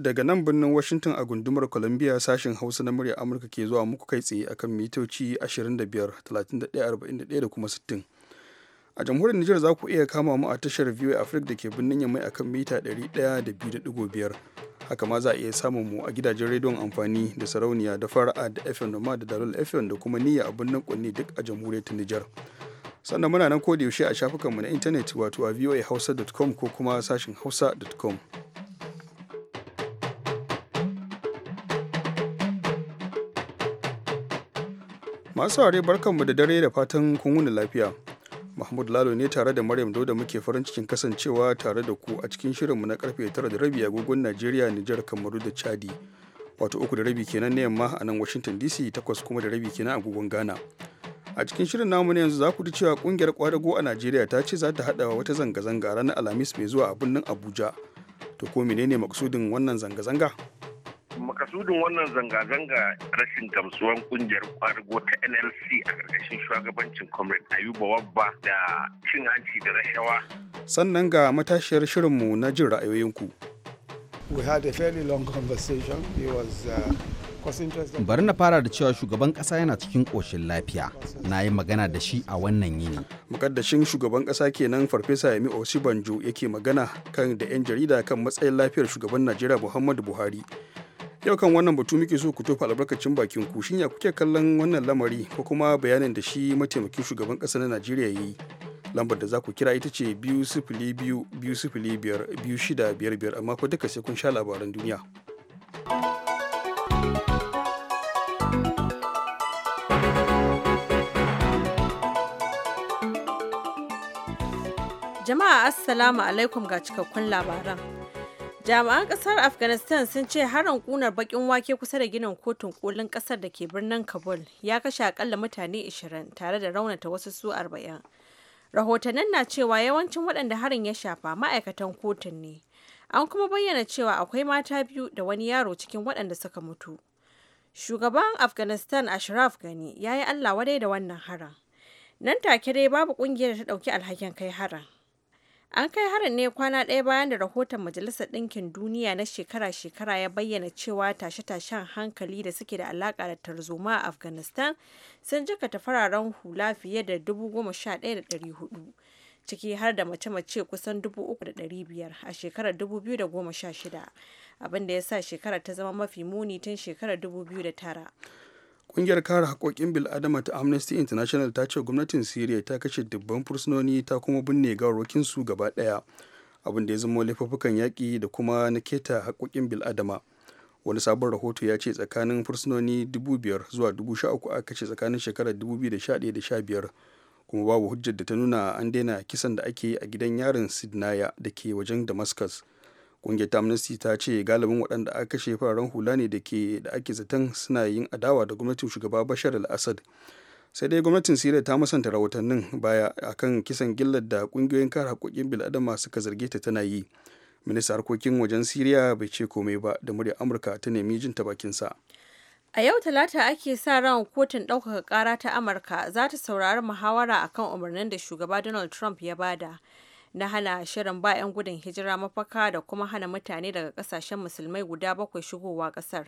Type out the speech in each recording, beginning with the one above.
daga nan birnin Washington a gundumar Columbia sashen Hausa na murya Amurka ke zuwa muku kai tsaye akan mitoci 25, 31, da kuma 60. A jamhuriyar niger za ku iya kama mu a tashar VOA Africa da ke birnin Yamai akan mita 102.5. Haka ma za a iya samun mu a gidajen rediyon amfani da sarauniya da fara'a da FM da ma da Dalol FM da kuma niyya a birnin Kunne duk a jamhuriyar niger sannan muna nan ko da yaushe a shafukanmu na intanet wato a voahausa.com ko kuma sashen hausa.com masu ware barkanmu da dare da fatan kun wuni lafiya mahmud lalo ne tare da maryam da muke farin cikin kasancewa tare da ku a cikin shirinmu na karfe tara da rabi agogon najeriya nijar kamaru da chadi wato uku da rabi kenan na yamma a nan washington dc takwas kuma da rabi kenan agogon ghana a cikin shirin namu na yanzu za ku ji cewa kungiyar kwadago a najeriya ta ce za ta haɗa wata zanga-zanga ranar alhamis mai zuwa a birnin abuja to ko menene maksudin wannan zanga-zanga makasudin wannan zanga-zanga rashin gamsuwan kungiyar kwargo ta nlc a ƙarƙashin shugabancin comrade ayuba wabba da cin hanci da rashawa sannan ga matashiyar shirinmu na jin ra'ayoyinku uh, bari na fara da cewa shugaban kasa yana cikin koshin lafiya na yi magana da shi a wannan yini mukaddashin shugaban kasa kenan farfesa yami osibanjo yake magana kan da 'yan jarida kan matsayin lafiyar shugaban najeriya muhammadu buhari yau kan wannan batu muke so ku tofa albarkacin bakin ku shinya kuke kallon wannan lamari ko kuma bayanin da shi mataimakin shugaban ƙasa na najeriya yi lambar da za ku kira ita ce biyu sifili biyu biyu sifili biyar biyu shida biyar biyar amma fa duka sai kun sha labaran duniya jama'a assalamu alaikum ga cikakkun labaran jami'an kasar afghanistan sun ce harin kunar bakin wake kusa da ginin kotun kolin kasar da ke birnin kabul ya kashe akalla mutane 20 tare da raunata wasu su 40 rahotannin na cewa yawancin waɗanda harin ya shafa ma'aikatan kotun ne an kuma bayyana cewa akwai mata biyu da wani yaro cikin waɗanda suka mutu shugaban afghanistan ashraf gani ya yi allah wadai da wannan harin nan take dai babu ƙungiyar da ta ɗauki alhakin kai harin An kai harin ne kwana ɗaya bayan da rahoton Majalisar Ɗinkin Duniya na shekara-shekara ya bayyana cewa tashe-tashen hankali da suke da alaƙa da tarzoma a Afghanistan sun jikata fararen hula fiye da 11,400, ciki har da mace-mace kusan 3,500 a shekarar 2016, abin da ya sa shekarar ta zama mafi muni tun shekarar 2009. Ƙungiyar kare haƙoƙin bil'adama ta Amnesty International ta ce gwamnatin Siriya ta kashe dubban fursunoni ta kuma binne gawarwakin su gaba ɗaya, abin da ya zama laifuffukan yaƙi da kuma na keta haƙoƙin bil'adama. Wani sabon rahoto ya ce tsakanin fursunoni 5,000 zuwa 13,000 a kashe tsakanin shekarar 2011 da 15 kuma babu hujjar da ta nuna an daina kisan da ake yi a gidan yarin Sidnaya da ke wajen Damascus. ƙungiyar ta ta ce galibin waɗanda aka kashe fararen hula ne da ke da ake zaton suna yin adawa da gwamnatin shugaba bashar al-assad sai dai gwamnatin siriya ta musanta rahotannin baya akan kisan gillar da ƙungiyoyin kare haƙoƙin bil'adama suka zarge ta tana yi minista harkokin wajen siriya bai ce komai ba da muryar amurka ta nemi jin ta sa a yau talata ake sa ran kotun ɗaukaka ƙara ta amurka za ta saurari muhawara akan umarnin da shugaba donald trump ya bada na hana shirin bayan gudun hijira mafaka da kuma hana mutane daga kasashen musulmai guda bakwai shigowa kasar.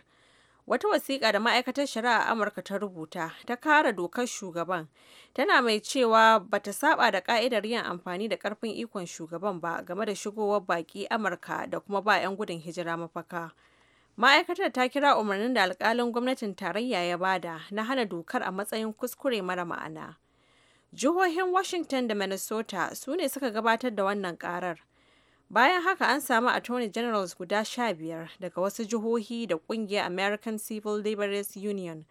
Wata wasiƙa da ma'aikatar shari'a Amurka ta rubuta ta kara dokar shugaban tana mai cewa ba ta saba da ka'idar yin amfani da ƙarfin ikon shugaban ba game da shigowar baƙi Amurka da kuma bayan gudun hijira mafaka. Ma'aikatar ta kira umarnin da alƙalin gwamnatin tarayya ya bada na hana dokar a matsayin kuskure mara ma'ana. Jihohin Washington da Minnesota su ne suka gabatar da wannan karar. Bayan haka an samu Attorney Generals guda sha biyar daga wasu jihohi da kungiyar American Civil Liberties Union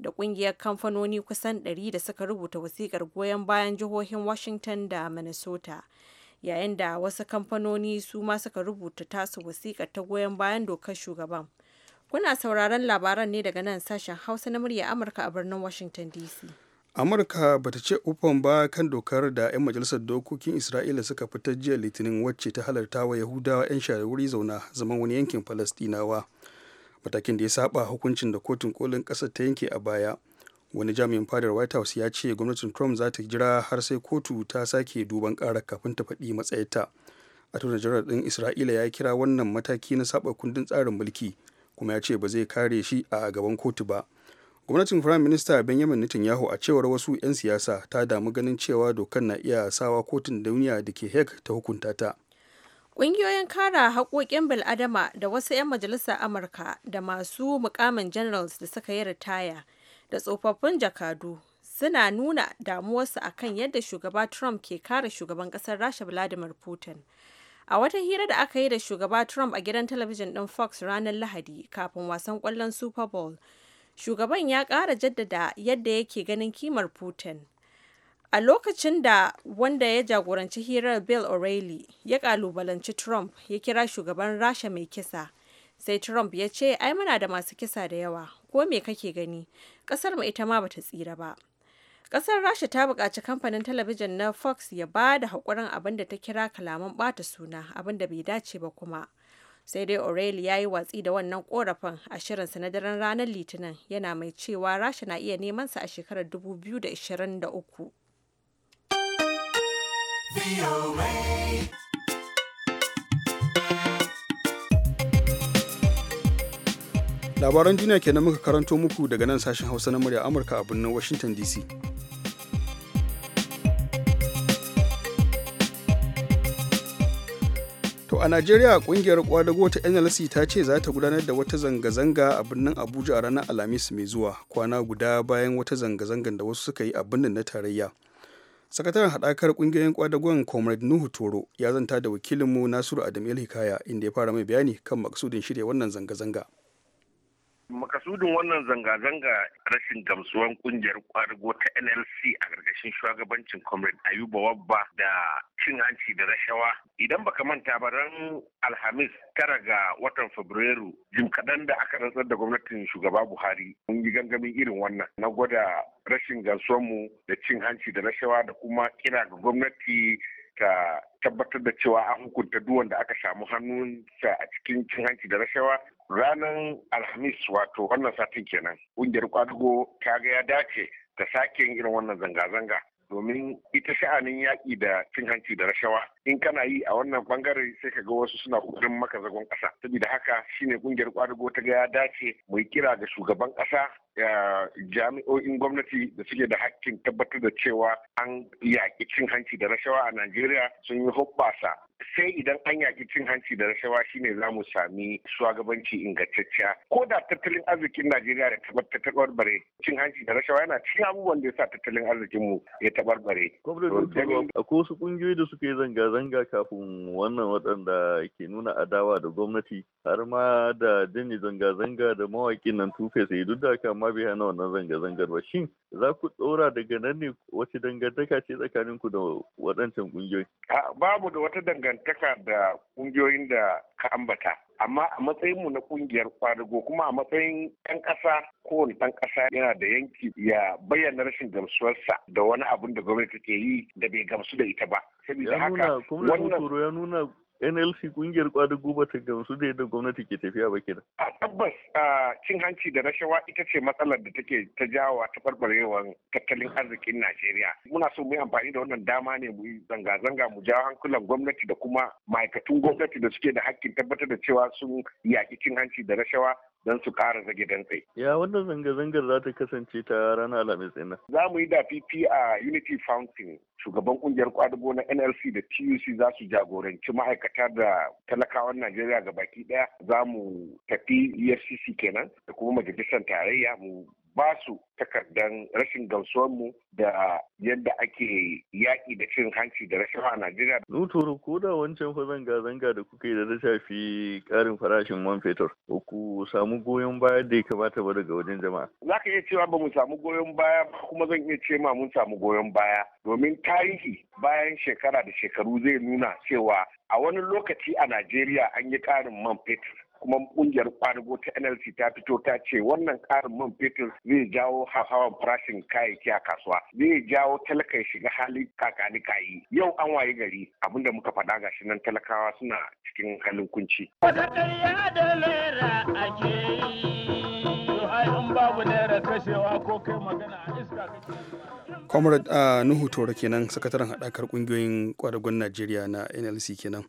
da kungiyar kamfanoni kusan 100 da suka rubuta wasikar goyon bayan jihohin Washington da Minnesota. Yayin da wasu kamfanoni su ma suka rubuta tasu wasikar ta goyon bayan dokar shugaban. Kuna sauraron labaran ne daga nan sashen Hausa na murya Amurka a birnin Washington DC. amurka ba ta ce ufan ba kan dokar da 'yan majalisar dokokin isra'ila suka fitar jiya litinin wacce ta halarta wa yahudawa 'yan shari'uri zauna zaman wani yankin falastinawa matakin da ya saba hukuncin da kotun kolin kasar ta yanke a baya wani jami'in fadar white house ya ce gwamnatin trump za ta jira har sai kotu ta sake duban kara kafin ta faɗi matsayarta attorney general ɗin isra'ila ya kira wannan mataki na saba kundin tsarin mulki kuma ya ce ba zai kare shi a gaban kotu ba gwamnatin firaminista minista benjamin netanyahu a cewar wasu 'yan siyasa ta damu ganin cewa dokan na iya sawa kotun duniya da ke hek ta hukunta ta Ƙungiyoyin kara haƙoƙin bil'adama da wasu 'yan majalisar Amurka da masu mukamin generals da suka yi ritaya da tsofaffin jakadu suna nuna damuwarsu kan yadda shugaba Trump ke kare shugaban ƙasar Rasha Vladimir Putin. A wata hira da aka yi da shugaba Trump a gidan talabijin ɗin Fox ranar Lahadi kafin wasan ƙwallon Super Bowl, shugaban ya ƙara jaddada yadda yake ganin kimar putin a lokacin da wanda ya jagoranci hirar bill o'reilly ya kalubalanci trump ya kira shugaban rasha mai kisa sai trump ya ce ai muna da masu kisa da yawa ko me kake gani kasar mu ita ma bata tsira ba Ƙasar rasha ta buƙaci kamfanin talabijin na fox ya ba da haƙurin abinda ta kira kalaman ɓata suna abin da bai dace ba kuma sai dai o'reilly ya yi watsi da wannan korafin a shirinsa na daren ranar litinin yana mai cewa rasha na iya neman sa a shekarar 2023 labaran duniya kenan muka karanto muku daga nan sashen hausa na murya amurka a birnin washington dc a Najeriya kungiyar kwadago ta NLC ta ce za ta gudanar da wata zanga-zanga a birnin Abuja a ranar Alhamis mai zuwa kwana guda bayan wata zanga zangan da wasu suka yi a birnin na tarayya. Sakataren haɗakar kungiyoyin kwadagon Comrade Nuhu Toro ya zanta da wakilinmu Nasiru Adam Hikaya inda ya fara mai bayani kan maksudin shirya wannan zanga-zanga. makasudin wannan zanga-zanga rashin gamsuwan kungiyar kwadago ta nlc a gargashin shugabancin comrade ayuba wabba da cin hanci da rashawa idan baka manta ba ran alhamis tara ga watan fabrairu jim kaɗan da aka rantsar da gwamnatin shugaba buhari mun yi gangamin irin wannan na gwada rashin mu da cin hanci da rashawa da kuma kira ga gwamnati ta tabbatar da cewa an hukunta duwan da aka samu hannunsa a cikin cin hanci da rashawa ranar alhamis wato wannan satin kenan ƙungiyar kwadugo ta ga ya dace ta sake irin wannan zanga-zanga domin ita sha'anin yaƙi da cin hanci da rashawa in kana yi a wannan bangare sai ka ga wasu suna kokarin maka zagon kasa saboda haka shine kungiyar kwadugo ta ga ya dace mu kira ga shugaban kasa jami'o'in gwamnati da suke da hakkin tabbatar da cewa an yaƙi cin hanci da rashawa a Najeriya sun yi hoɓɓasa sai idan an yaƙi cin hanci da rashawa shine za mu sami shugabanci ingantacciya ko da tattalin arzikin Najeriya da tabbatar barbare. cin hanci da rashawa yana cikin abubuwan da ya sa tattalin arzikin mu ya tabarbare. Gwamnati ko su kungiyoyi da suke zanga zanga-zanga kafin wannan waɗanda ke nuna adawa da gwamnati har ma da jini zanga-zanga da mawaƙin nan tufe sai duk da haka ma bai hana wannan zanga-zangar ba shin za ku ɗora daga nan ne wace dangantaka ce tsakanin ku da waɗancan ƙungiyoyi. babu da wata dangantaka da ƙungiyoyin da ka ambata amma a matsayinmu na kungiyar kwadago kuma a matsayin ɗan ƙasa kowane ɗan ƙasa yana da yanki ya bayyana rashin gamsuwarsa da wani abin da gwamnati ke yi da bai gamsu da ita ba. Saboda haka wannan ya nuna nlc kungiyar kwadago guba ta gamsu da yadda gwamnati ke tafiya ba kenan a tabbas cin hanci da rashawa ita ce matsalar da take ta jawo ta barbarewar tattalin arzikin najeriya muna so mu yi amfani da wannan dama ne mu yi zanga-zanga mu jawo hankulan gwamnati da kuma ma'aikatun gwamnati da suke da hakkin tabbatar da cewa sun yaƙi cin hanci da rashawa don su kara zage dantse. Ya wannan zanga-zangar za ta kasance ta ranar Alhamis ɗin Za mu yi da fifi a Unity Fountain shugaban kungiyar kwadago na NLC da TUC za su jagoranci ma'aikata da talakawan Najeriya ga baki ɗaya za mu tafi EFCC kenan da kuma majalisar tarayya mu ba su takardan rashin mu da yadda ake yaƙi da cin hanci da rashin a Najeriya. Nuturu ko da wancan fa zanga-zanga da kuka yi da ta shafi ƙarin farashin man fetur, ko ku samu goyon baya da ya kamata ba daga wajen jama'a. Za ka iya cewa ba mu samu goyon baya ba kuma zan iya ce ma mun samu goyon baya domin tarihi bayan shekara da shekaru zai nuna cewa a wani lokaci a Najeriya an yi ƙarin man fetur kuma kungiyar kwadago ta nlc ta fito ta ce wannan karin man fetur zai jawo hawan farashin kayayyaki a kasuwa zai jawo talaka ya shiga hali kakani kayi yau an waye gari abinda muka faɗa ga shi nan talakawa suna cikin halin kunci. wata ƙarya da lera ake yi babu lera kashewa ko kai magana a iska comrade ah, nuhu toro kenan sakataren haɗakar ƙungiyoyin kwadagon najeriya na nlc kenan.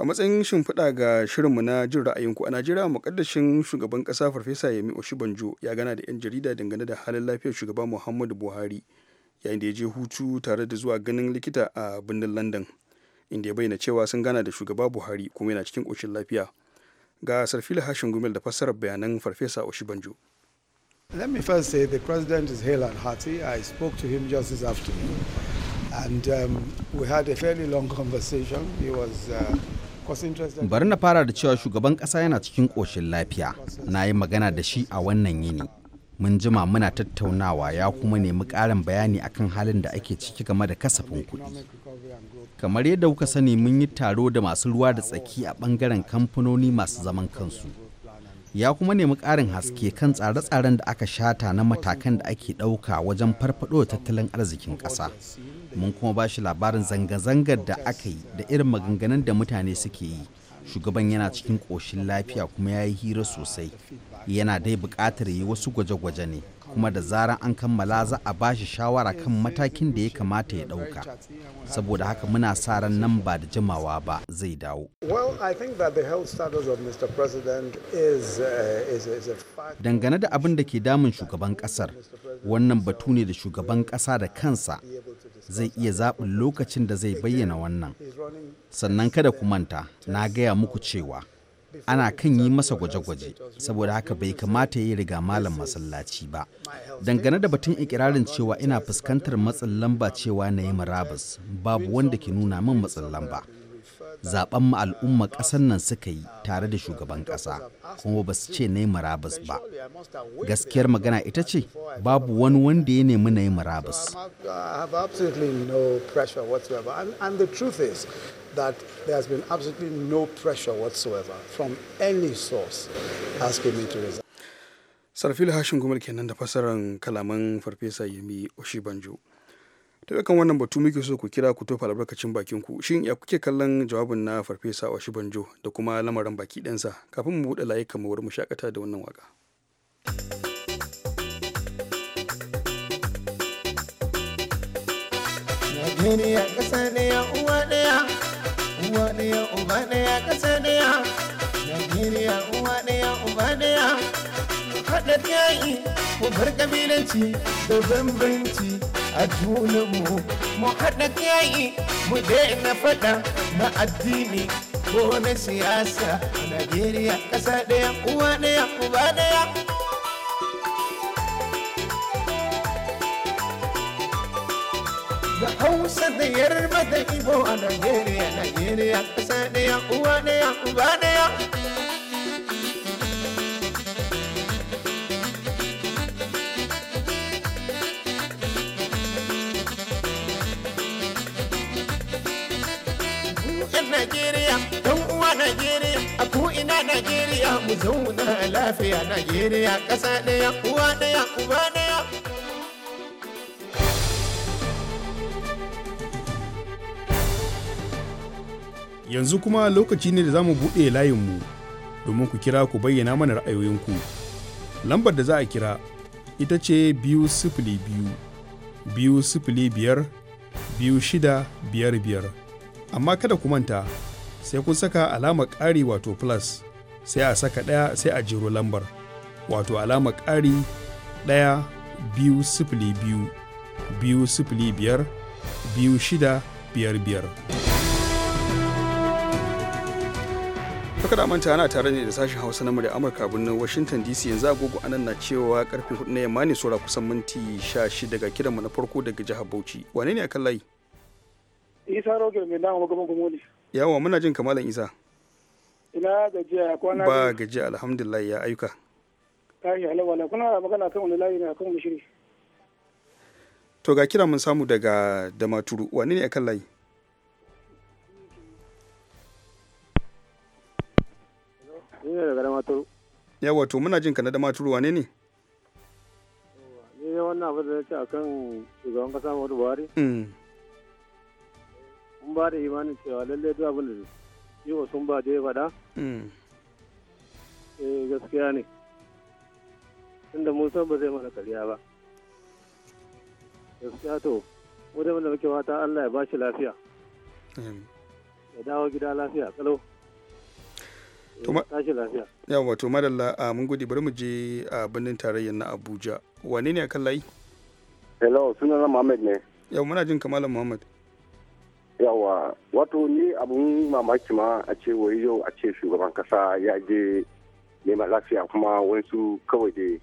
a matsayin shimfiɗa ga shirinmu na jin ra'ayinku a najeriya makaddashin shugaban ƙasa farfesa yemi oshibanjo ya gana da 'yan jarida dangane da halin lafiyar shugaba muhammadu buhari yayin da ya je hutu tare da zuwa ganin likita a birnin london inda ya bayyana cewa sun gana da shugaba buhari kuma yana cikin ƙoshin lafiya ga sarfila hashin gumel da fassarar bayanan farfesa oshibanjo Let me first say the president is hale and hearty. I spoke to him just this afternoon, and um, we had a fairly long conversation. He was uh, bari na fara da cewa shugaban ƙasa yana cikin ƙoshin lafiya na yi magana da shi a wannan yini mun jima muna tattaunawa ya kuma nemi ƙarin bayani akan halin da ake ciki game da kasafin kuɗi kamar yadda kuka sani mun yi taro da masu ruwa da tsaki a ɓangaren kamfanoni masu zaman kansu ya kuma nemi ƙarin haske kan tsare-tsaren da aka shata na matakan da ake ɗauka wajen farfaɗo tattalin arzikin ƙasa mun kuma ba shi labarin zanga-zangar da aka yi da irin maganganun da mutane suke yi shugaban yana cikin ƙoshin lafiya kuma ya yi hira sosai yana dai buƙatar yi wasu gwaje-gwaje ne kuma da zaran an kammala za a ba shi shawara kan matakin da ya kamata ya ɗauka saboda haka muna sa ran nan ba da jimawa ba zai dawo uh, dangane da abin da ke damun shugaban ƙasar wannan batu ne da shugaban ƙasa da kansa zai iya zaɓin lokacin da zai bayyana wannan sannan kada ku manta na gaya muku cewa ana kan yi masa gwaje-gwaje saboda haka bai kamata ya yi riga malam masallaci ba dangane da batun ikirarin cewa ina fuskantar matsin lamba cewa na yi marabus babu wanda ke nuna min matsin lamba zaben mu al'umma ƙasar nan suka yi tare da shugaban ƙasa kuma ba su ce na yi murabus ba gaskiyar magana ita ce babu wani wanda ya nemi na yi murabus that there has been absolutely no pressure whatsoever from any source asking me to resign. Sarfil Hashin Gumar kenan da fasaran kalaman Farfesa Yemi Oshibanjo. daga kan wannan batu muke so ku kira ku tofa albarkacin bakin ku shin ya kuke kallon jawabin na farfesa washi banjo da kuma lamarin baki ɗansa kafin mu buɗe layukan mu mu shakata da wannan waka. Najeriya ƙasa uwa ɗaya, Najeriya uwa ɗaya uba ɗaya. faɗar yaƙi mu bar ƙabilanci da bambanci a junanmu mu haɗa yaƙi mu daina faɗa na addini ko na siyasa a Najeriya ƙasa ɗaya uwa ɗaya uba ɗaya. Da Hausa da Yarba da Ibo a Najeriya, Najeriya ƙasa ɗaya uwa ɗaya uba ɗaya. Najeriya, dan uwa Najeriya, a ina Najeriya, mu zauna lafiya Najeriya, ƙasa ɗaya, uwa ɗaya, uba ɗaya. Yanzu kuma lokaci ne da za mu buɗe layinmu domin ku kira ku bayyana mana ra'ayoyinku. Lambar da za a kira ita ce biyu sifili biyu, biyu sifili biyar, biyu shida biyar biyar. amma kada ku manta sai kun saka alama ƙari wato plus sai a saka ɗaya sai a jiro lambar wato alama ƙari ɗaya biyu sifili biyu biyu sifili biyar biyu shida biyar biyar. Haka da manta ana tare ne da sashen Hausa na murya Amurka birnin Washington DC yanzu agogo anan na cewa karfe hudu na yamma ne saura kusan minti 16 daga kiranmu na farko daga jihar Bauchi. Wane ne a kan layi? Isa Rogel mai dama gwamnan ne. yawa muna jin kamalan isa ina gajiya kwana ba gajiya alhamdulillah ya ayyuka kai halawala kuna da magana kan wani layi ne kan wani to ga kira mun samu daga damaturu wani ne akan layi yawa to muna jin ka na maturu wane ne ne wannan abu da ya ce akan shugaban kasa Muhammadu Buhari mm. mun ba da imanin cewa lallai duk abin da yi wa sun ba da ya faɗa hmm. eh gaskiya ne tunda mun san ba zai mana kariya ba gaskiya to mu da muke fata Allah ya bashi lafiya ya dawo gida lafiya kalau eh, tashi lafiya madalla a mun gudi bari mu je a birnin tarayyar na Abuja wane ne akan layi hello na Muhammad ne yau muna jin kamalan Muhammad yawa wato ni abun mamaki ma a ce wai yau a ce shugaban kasa ya je neman lafiya kuma wasu kawai dai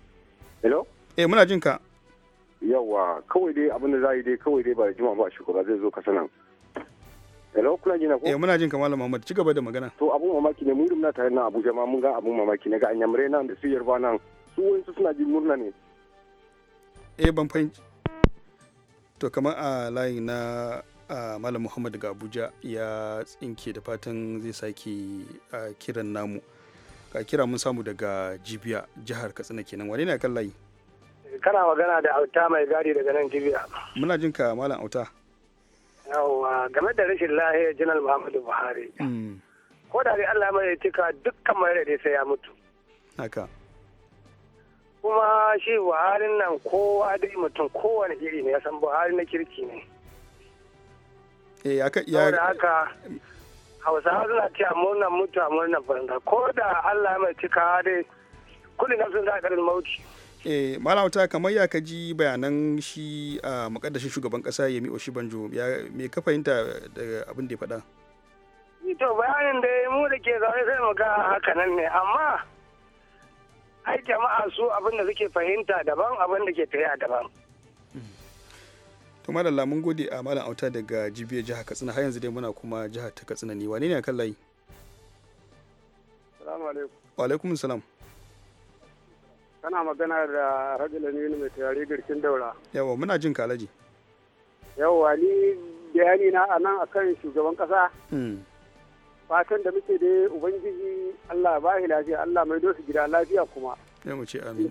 hello eh muna jinka yawa kawai dai abin da za yi dai kawai dai ba da jima ba shugaba zai zo kasa nan hello kuna jina ko eh muna jinka malam Muhammad ci gaba da magana to abun mamaki ne mun muna tare na Abuja ma mun ga abun mamaki ne ga anyamurai nan da su yarba nan su su suna jin murna ne eh ban fahimci to kamar a layi na malam muhammad daga abuja ya tsinke da fatan zai sake kiran namu ka kira mun samu daga jibiya jihar katsina kenan wane ne kan layi kana magana da auta mai gadi daga nan jibiya muna jinka malam auta yawwa game da rashin lahiyar janar muhammadu buhari hmm. ko da dai allah mai cika dukkan mai da sai ya mutu haka kuma shi buhari nan kowa dai mutum kowane iri ne ya san buhari na kirki ne eh aka ya haka hausawa suna ce a murnar mutu a murnar banza ko da allah mai cika dai kullum na sun za a karin mauti eh malam ta kamar ya ka ji bayanan shi a makaddashin shugaban kasa yemi oshibanjo ya me ka fahimta daga abin da ya faɗa to bayanin da mu da ke zaune sai mu ga haka nan ne amma ai jama'a su abin da suke fahimta daban abin da ke tafiya daban to malam mun gode a malam auta daga jibiyar jihar katsina har yanzu dai muna kuma jihar ta katsina ne wane ne akan layi salamu alaikum wa alaikum salam kana magana da rajula ne mai tare garkin daura yawa muna jin kalaji yawa ni bayani na a nan akan shugaban kasa hmm. fatan da muke da ubangiji allah ba shi lafiya allah mai dosu gida lafiya kuma ya mu ce amin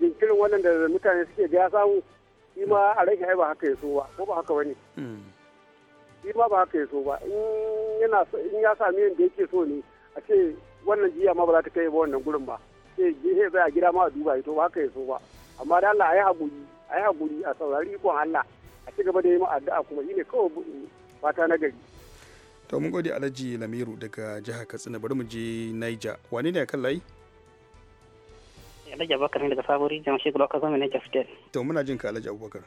jinkirin wannan da mutane suke ga samu shi ma a rashin ba haka ya so ba ko ba haka bane hmm. shi ma ba haka ya so ba in ya sami yadda yake so ne a ce wannan jiya ma ba za ta kai ba wannan gurin ba sai sai zai a gida ma a duba ito ba haka ya so ba amma da Allah ayi haƙuri ayi haƙuri a saurari ikon Allah a ci gaba da yi addu'a kuma shine kawai fata na gari to mun gode Alhaji Lamiru daga jihar Katsina bari mu je Niger wane ne kan layi Alhaji Abubakar ne daga Sabon Rijiyar Shekul Oka Zami na Jafdel. To muna jin ka Alhaji Abubakar.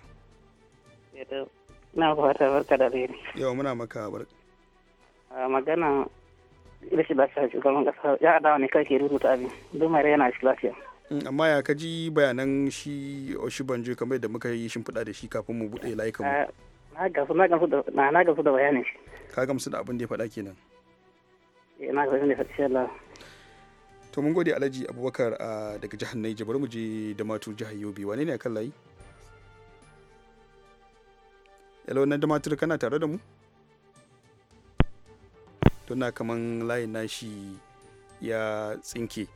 Na ku fata barka da alheri. Yau muna maka barka. Magana rashin lafiya shugaban kasa ya adawa ne kai ke rubuta abin. Dumare yana rashin lafiya. Mm, amma ya kaji bayanan shi Oshibanjo kamar yadda muka yi shimfiɗa da shi kafin mu buɗe layukan mu. Na gamsu na da na bayanin shi. Ka gamsu da abin da ya faɗa kenan. Eh na gamsu da faɗi Allah. to mun gode alhaji abubakar daga jihar naija bari mu je da matu jihar yobe wane ne akan layi yalo na da kana tare da mu to na kaman layi nashi ya tsinke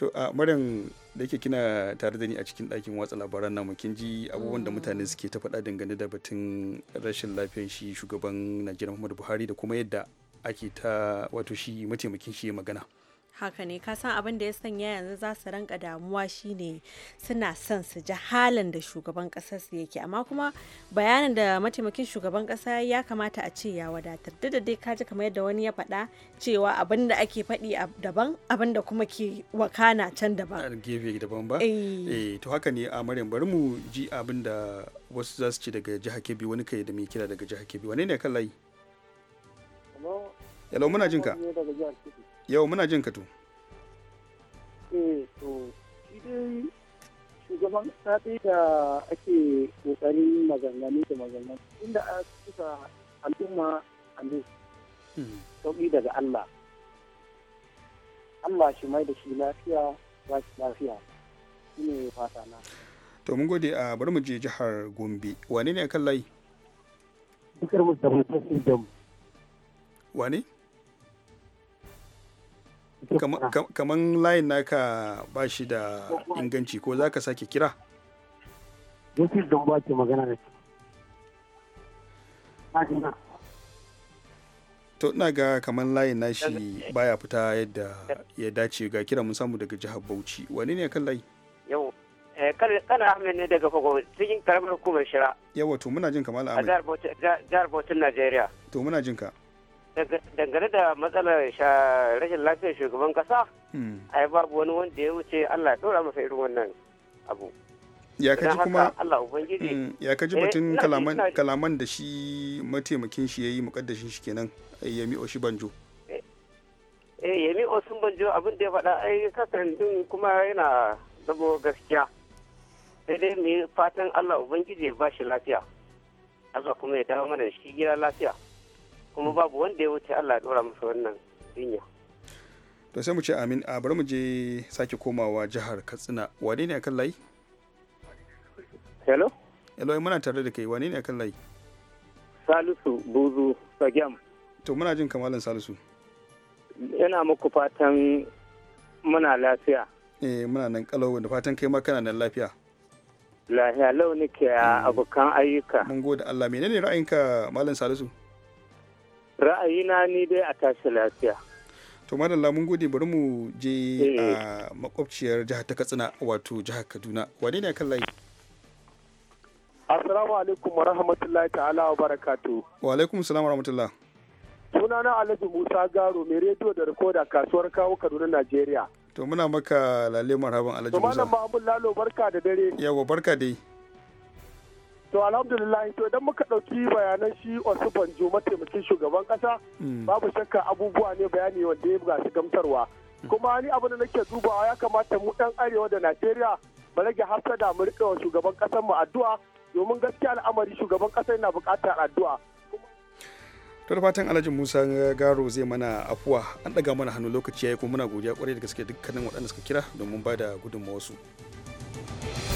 to a maryam da yake kina tare da ni a cikin ɗakin watsa labaran namu kin ji abubuwan da mutane suke ta faɗa dangane da batun rashin lafiyar shi shugaban najeriya muhammadu buhari da kuma yadda ake ta wato shi mataimakin shi magana haka ne ka san abin da ya sanya yanzu za su ranka damuwa shine suna son su ji halin da shugaban kasar su yake amma kuma bayanin da mataimakin shugaban kasa ya kamata a ce ya wadatar duk da dai kaji kamar yadda wani ya faɗa cewa abin da ake faɗi daban abin da kuma ke wakana can daban gefe daban ba eh. eh to haka ne a maryam bari mu ji abin da wasu za su ci daga jihar kebbi wani kai da mai kira daga jihar kebbi wani ne kan layi Yalau muna jinka Yau muna jin ka to. Eh shugaban sati da ake kokarin maganganu da maganganu inda a suka al'umma a ne hmm. sauƙi daga Allah. Allah shi mai da shi lafiya ba shi lafiya shi ne fata na. To mun gode a ah, bari mu je jihar Gombe wane ne kan layi? Bukar Mustapha Tassin Jambu. wane kaman layin naka ba shi da inganci ko za ka sake kira don ba ke magana da ke to ina ga kaman layin nashi baya fita yadda ya dace ga kira mun samu daga jihar bauchi wani ne kan layi yau eh, kana ahmed ne daga fago cikin karamar hukumar shira yawa to muna jin kamala ahmed jihar bautin najeriya to muna jin ka dangane da matsalar rashin lafiyar shugaban kasa yi hmm. babu wani wanda ya wuce Allah ya dora masa irin wannan abu ya kaji kuma Allah ubangiji hmm, ya kaji eh, batun kalaman kalaman da shi mataimakin shi ya yi mukaddashin shi kenan oshi Banjo. eh oshi Banjo eh, eh, abin da ya faɗa ai kasan din kuma yana zabo gaskiya sai dai mu fatan Allah ubangiji ya ba shi lafiya Allah kuma ya dawo mana shi gida lafiya kuma babu wanda ya wuce Allah ya dora masa wannan jinya to sai mu ce amin a bari mu je sake komawa jihar Katsina wane ne akan layi hello hello muna tare da kai wane ne akan layi Salisu Buzu Sagam to muna jin kamalan Salisu yana muku fatan muna lafiya eh muna nan kalau da fatan kai ma kana nan lafiya lahiya lau nake a mm. abokan ayyuka mun gode Allah menene ra'ayinka malam Salisu ra'ayina ni dai a tashi lafiya to madalla mun gode bari mu je eh. a makwabciyar jihar ta katsina wato jihar kaduna wane ne kan layi assalamu alaikum wa rahmatullahi ta'ala wa barakatu wa alaikum salam wa rahmatullah sunana alhaji musa garo mai rediyo da rikoda kasuwar kawo kaduna najeriya to muna maka lale marhaban alhaji musa to malam mahmud lalo barka da dare yawa barka dai to alhamdulillah to idan muka dauki bayanan shi osu banjo mataimakin shugaban kasa hmm. babu shakka abubuwa ne bayani wanda ya gashi gamsarwa kuma ni abin da nake dubawa ya kamata mu dan arewa da najeriya mu rage da mu rika wa shugaban kasar mu addu'a domin gaskiya al'amari shugaban ƙasa yana buƙatar addu'a to da fatan alhaji musa garo zai mana afuwa an ɗaga mana hannu lokaci yayi kuma muna godiya ƙwarai da gaske dukkanin waɗanda suka kira domin ba da gudunmawarsu. su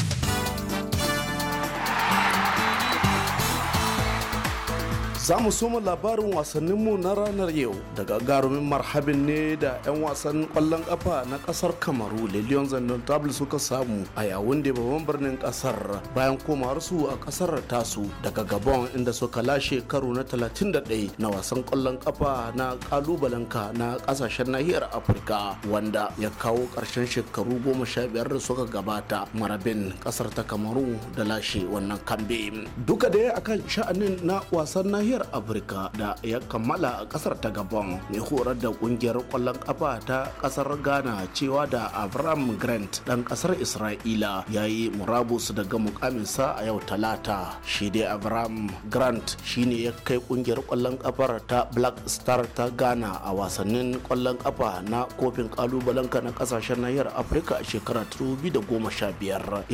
Za mu soma labarin wasanninmu na ranar yau daga garumin marhabin ne da 'yan wasan kwallon kafa na kasar Kamaru Lilion Zandon Table suka samu a yawun da babban birnin kasar bayan komawarsu a kasar tasu daga Gabon inda suka lashe karo na 31 na wasan kwallon kafa na kalubalenka na kasashen nahiyar Afirka wanda ya kawo ƙarshen shekaru goma sha biyar da suka gabata marabin kasar ta Kamaru da lashe wannan kambe. Duka dai akan sha'anin na wasan nahiyar nahiyar afirka da ya kammala a kasar ta gabon mai horar da kungiyar kwallon kafa ta kasar ghana cewa da avram grant dan kasar isra'ila ya yi murabus daga mukaminsa a yau talata shi dai avram grant shine ya kai kungiyar kwallon kafar ta black star ta ghana a wasannin kwallon kafa na kofin kalubalenka na kasashen nahiyar afirka a shekarar 2015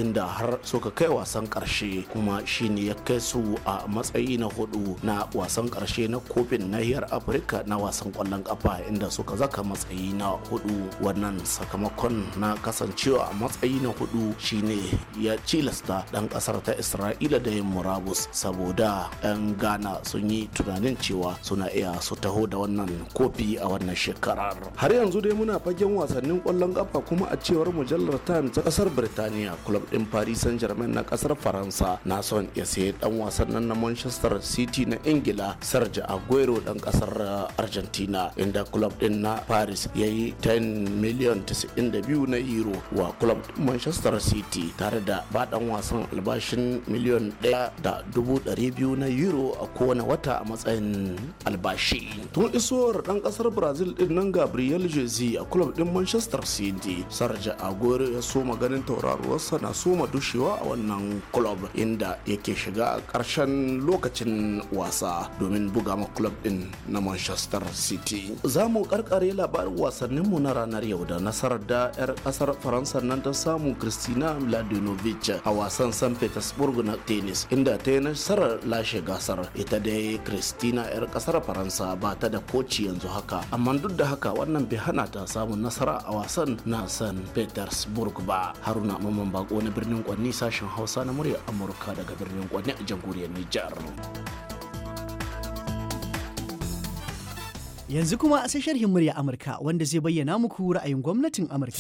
inda har suka kai wasan karshe kuma shine ya kai su a matsayi na hudu na wasan karshe na kofin nahiyar afirka na wasan kwallon kafa inda suka zaka matsayi na hudu wannan sakamakon na kasancewa a matsayi na hudu shine ya cilasta dan kasar ta isra'ila da yin murabus saboda 'yan ghana sun yi tunanin cewa suna iya su taho da wannan kofi a wannan shekarar har yanzu dai muna fagen wasannin kwallon kafa kuma a cewar mujallar times ta kasar birtaniya club din paris saint germain na kasar faransa na son ya sayi dan wasan nan na manchester city na ingila sarja aguero dan kasar eh, argentina inda club din na paris ya yi 10 miliyan 92 na euro wa club manchester city tare da badan wasan albashin miliyan 1 da 200 na euro a kowane wata a matsayin albashi tun isowar dan kasar brazil din nan gabriel jezi a club din manchester city sarja aguero ya so maganin tauraruwarsa na soma dushewa a wannan club inda yake shiga karshen lokacin wasa wasa domin buga ma club din na manchester city za mu karkare labarin wasanninmu na ranar yau da nasarar da 'yar kasar faransa nan ta samu kristina mladenovic a wasan san petersburg na tennis inda ta yi nasarar lashe gasar ita dai kristina 'yar kasar faransa ba ta da koci yanzu haka amma duk da haka wannan bai hana ta samu nasara a wasan na san petersburg ba haruna mamman bako na birnin kwanni sashen hausa na murya amurka daga birnin kwanni a jamhuriyar nijar Yanzu kuma sai sharhin murya Amurka wanda zai bayyana muku ra'ayin gwamnatin Amurka.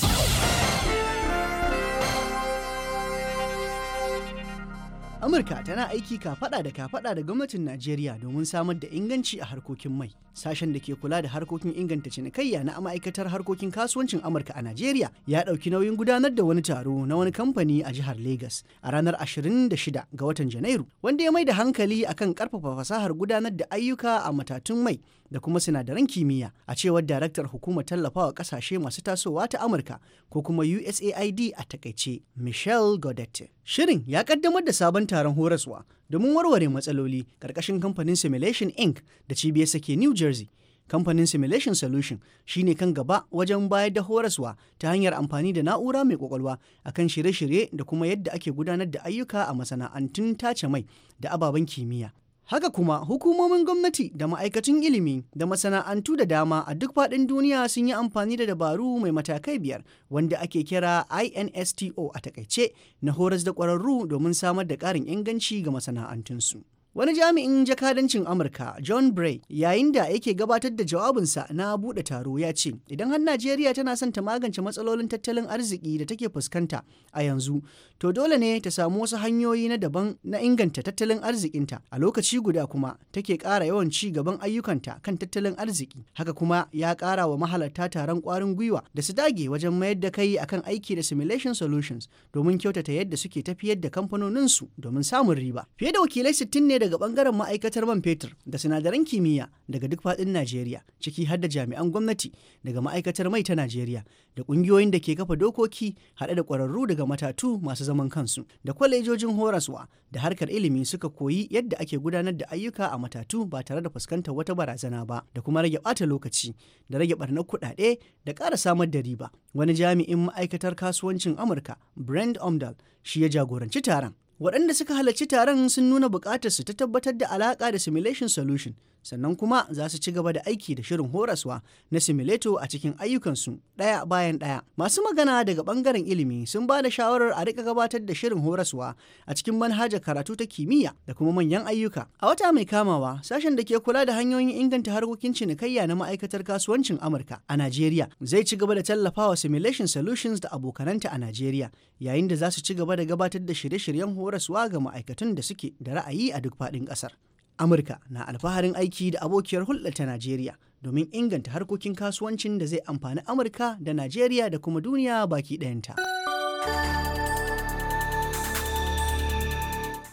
Amurka tana aiki kafaɗa da kafaɗa da gwamnatin Najeriya domin samar da inganci a harkokin mai. Sashen da ke kula da harkokin inganta cinikayya na ma'aikatar harkokin kasuwancin Amurka a Najeriya ya ɗauki nauyin gudanar da wani taro na wani kamfani a jihar Legas a ranar 26 ga watan Janairu, wanda ya mai da hankali akan karfafa fasahar gudanar da ayyuka a matatun mai da kuma sinadaran kimiyya a cewar daraktar hukumar tallafawa kasashe masu tasowa ta amurka ko kuma usaid a takaice michelle godet shirin ya kaddamar da sabon taron horaswa domin warware matsaloli karkashin kamfanin simulation inc da cibiyar sake new jersey kamfanin simulation solution shine kan gaba wajen bayar da horaswa ta hanyar amfani da na'ura mai kwakwalwa akan shirye-shirye da kuma yadda ake gudanar da ayyuka a masana'antun tace mai da ababen kimiyya Haka kuma hukumomin gwamnati da ma'aikacin ilimi da masana'antu da dama a duk faɗin duniya sun yi amfani da dabaru mai matakai biyar wanda ake kira INSTO a takaice na horas da ƙwararru domin samar da ƙarin inganci ga masana'antunsu. Wani jami'in jakadancin Amurka, John Bray, yayin da yake gabatar da jawabinsa na buɗe taro ya ce, idan har Najeriya tana son ta magance matsalolin tattalin arziki da take fuskanta a yanzu, to dole ne ta samu wasu hanyoyi na daban na inganta tattalin arzikinta. A lokaci guda kuma take ƙara yawan ci gaban ayyukanta kan tattalin arziki. Haka kuma ya kara wa mahalarta taron ƙwarin gwiwa da su dage wajen mayar da kai akan aiki da simulation solutions domin kyautata yadda suke tafiyar da kamfanoninsu domin samun riba. Fiye da wakilai 60 ne daga bangaren ma'aikatar man fetur da sinadaran kimiyya daga duk faɗin Najeriya, ciki har da jami'an gwamnati daga ma'aikatar mai ta Najeriya, da ƙungiyoyin da ke kafa dokoki haɗe da ƙwararru daga matatu masu zaman kansu, da kwalejojin horaswa da harkar ilimi suka koyi yadda ake gudanar da ayyuka a matatu ba tare da fuskantar wata barazana ba, da kuma rage ɓata lokaci, da rage ɓarnar kuɗaɗe, da ƙara samar da riba. Wani jami'in ma'aikatar kasuwancin Amurka, Brand Omdal, shi ya jagoranci taron. waɗanda suka halarci taron sun nuna buƙatar su ta tabbatar da alaƙa da simulation solution sannan kuma za su ci gaba da aiki da shirin horaswa na simileto a cikin ayyukansu ɗaya bayan ɗaya. Masu magana daga ɓangaren ilimi sun ba da shawarar a rika gabatar da shirin horaswa a cikin manhajar karatu ta kimiyya da kuma manyan ayyuka. A wata mai kamawa, sashen da ke kula da hanyoyin inganta harkokin cinikayya na ma'aikatar kasuwancin Amurka a Najeriya zai ci gaba da tallafawa Simulation Solutions da abokananta a Najeriya yayin da za su ci gaba da gabatar da shirye-shiryen horaswa ga ma'aikatan da suke da ra'ayi a duk faɗin ƙasar. Amurka na alfaharin aiki da abokiyar hulɗa ta Najeriya domin inganta harkokin kasuwancin da zai amfani Amurka da Najeriya da kuma duniya baki ɗayanta.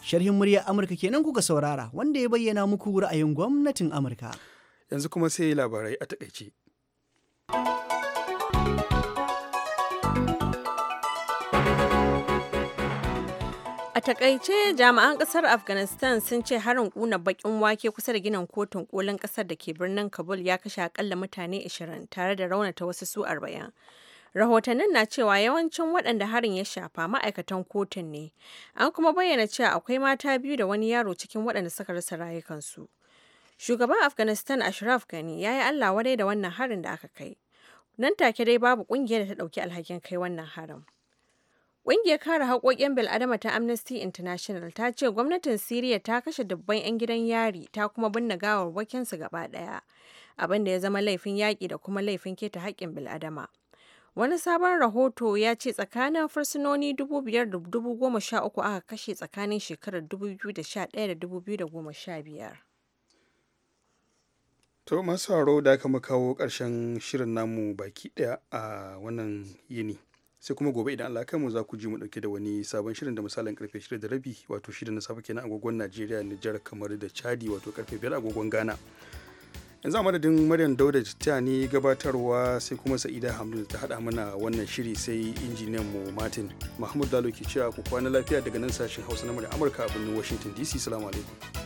Sharhin muryar Amurka kenan kuka saurara wanda ya bayyana muku ra'ayin gwamnatin Amurka. Yanzu kuma sai labarai a takaice. takaice jami'an kasar afghanistan sun ce harin kuna bakin wake kusa da ginin kotun kolin kasar da ke birnin kabul ya kashe akalla mutane 20 tare da raunata wasu su 40 rahotannin na cewa yawancin waɗanda harin ya shafa ma'aikatan kotun ne an kuma bayyana cewa akwai mata biyu da wani yaro cikin waɗanda suka rasa rayukansu shugaban afghanistan ashraf gani ya yi allah wadai da wannan harin da aka kai nan take dai babu ƙungiyar da ta ɗauki alhakin kai wannan harin Ƙungiyar kare haƙoƙin bil'adama ta Amnesty International ta ce gwamnatin Siriya ta kashe dubban 'yan gidan yari ta kuma binne gawarwakinsu gaba ɗaya, abin da ya zama laifin yaƙi da kuma laifin keta haƙƙin bil'adama. Wani sabon rahoto ya ce tsakanin fursunoni 5,013 aka kashe tsakanin shekarar 2011 da 2015. To masu haro da aka kawo ƙarshen shirin namu baki ɗaya a wannan yini. sai kuma gobe idan Allah mu za ku ji mu dauke da wani sabon shirin da misalin karfe 6 da rabi wato 6 na safe kenan agogon Najeriya Nijar kamar da Chadi wato karfe 5 agogon Ghana yanzu a madadin Maryam Dauda ta ne gabatarwa sai kuma Sa'ida Hamdul ta hada mana wannan shiri sai injiniyan mu Martin Mahmud Dalo ke cewa ku kwana lafiya daga nan sashen Hausa na Amurka a birnin Washington DC salamu alaikum